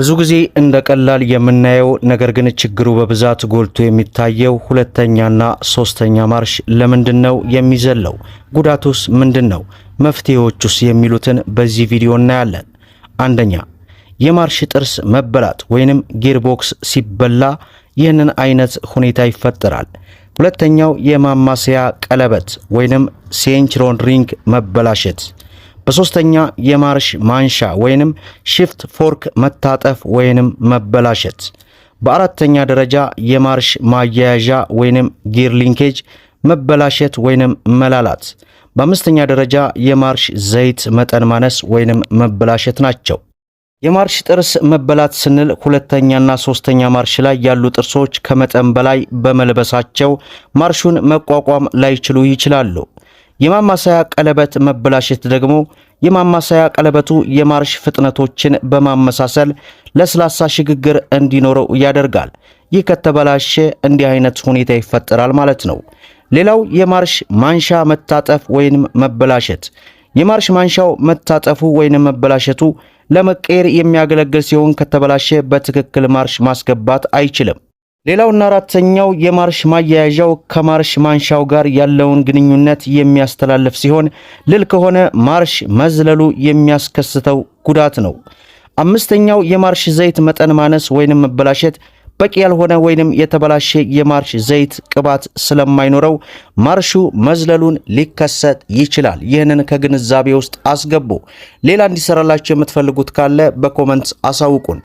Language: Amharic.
ብዙ ጊዜ እንደ ቀላል የምናየው ነገር ግን ችግሩ በብዛት ጎልቶ የሚታየው ሁለተኛና ሶስተኛ ማርሽ ለምንድን ነው የሚዘለው? ጉዳቱስ ምንድን ነው? መፍትሄዎቹስ የሚሉትን በዚህ ቪዲዮ እናያለን። አንደኛ የማርሽ ጥርስ መበላት ወይንም ቦክስ ሲበላ ይህንን አይነት ሁኔታ ይፈጠራል። ሁለተኛው የማማሰያ ቀለበት ወይንም ሴንችሮን ሪንግ መበላሸት በሶስተኛ የማርሽ ማንሻ ወይንም ሽፍት ፎርክ መታጠፍ ወይንም መበላሸት። በአራተኛ ደረጃ የማርሽ ማያያዣ ወይንም ጊር ሊንኬጅ መበላሸት ወይንም መላላት። በአምስተኛ ደረጃ የማርሽ ዘይት መጠን ማነስ ወይንም መበላሸት ናቸው። የማርሽ ጥርስ መበላት ስንል ሁለተኛና ሶስተኛ ማርሽ ላይ ያሉ ጥርሶች ከመጠን በላይ በመልበሳቸው ማርሹን መቋቋም ላይችሉ ይችላሉ። የማማሰያ ቀለበት መበላሸት ደግሞ የማማሰያ ቀለበቱ የማርሽ ፍጥነቶችን በማመሳሰል ለስላሳ ሽግግር እንዲኖረው ያደርጋል። ይህ ከተበላሸ እንዲህ አይነት ሁኔታ ይፈጠራል ማለት ነው። ሌላው የማርሽ ማንሻ መታጠፍ ወይንም መበላሸት። የማርሽ ማንሻው መታጠፉ ወይንም መበላሸቱ ለመቀየር የሚያገለግል ሲሆን ከተበላሸ በትክክል ማርሽ ማስገባት አይችልም። ሌላውና አራተኛው የማርሽ ማያያዣው ከማርሽ ማንሻው ጋር ያለውን ግንኙነት የሚያስተላልፍ ሲሆን ልል ከሆነ ማርሽ መዝለሉ የሚያስከስተው ጉዳት ነው። አምስተኛው የማርሽ ዘይት መጠን ማነስ ወይንም መበላሸት በቂ ያልሆነ ወይንም የተበላሸ የማርሽ ዘይት ቅባት ስለማይኖረው ማርሹ መዝለሉን ሊከሰት ይችላል። ይህንን ከግንዛቤ ውስጥ አስገቡ። ሌላ እንዲሰራላችሁ የምትፈልጉት ካለ በኮመንት አሳውቁን።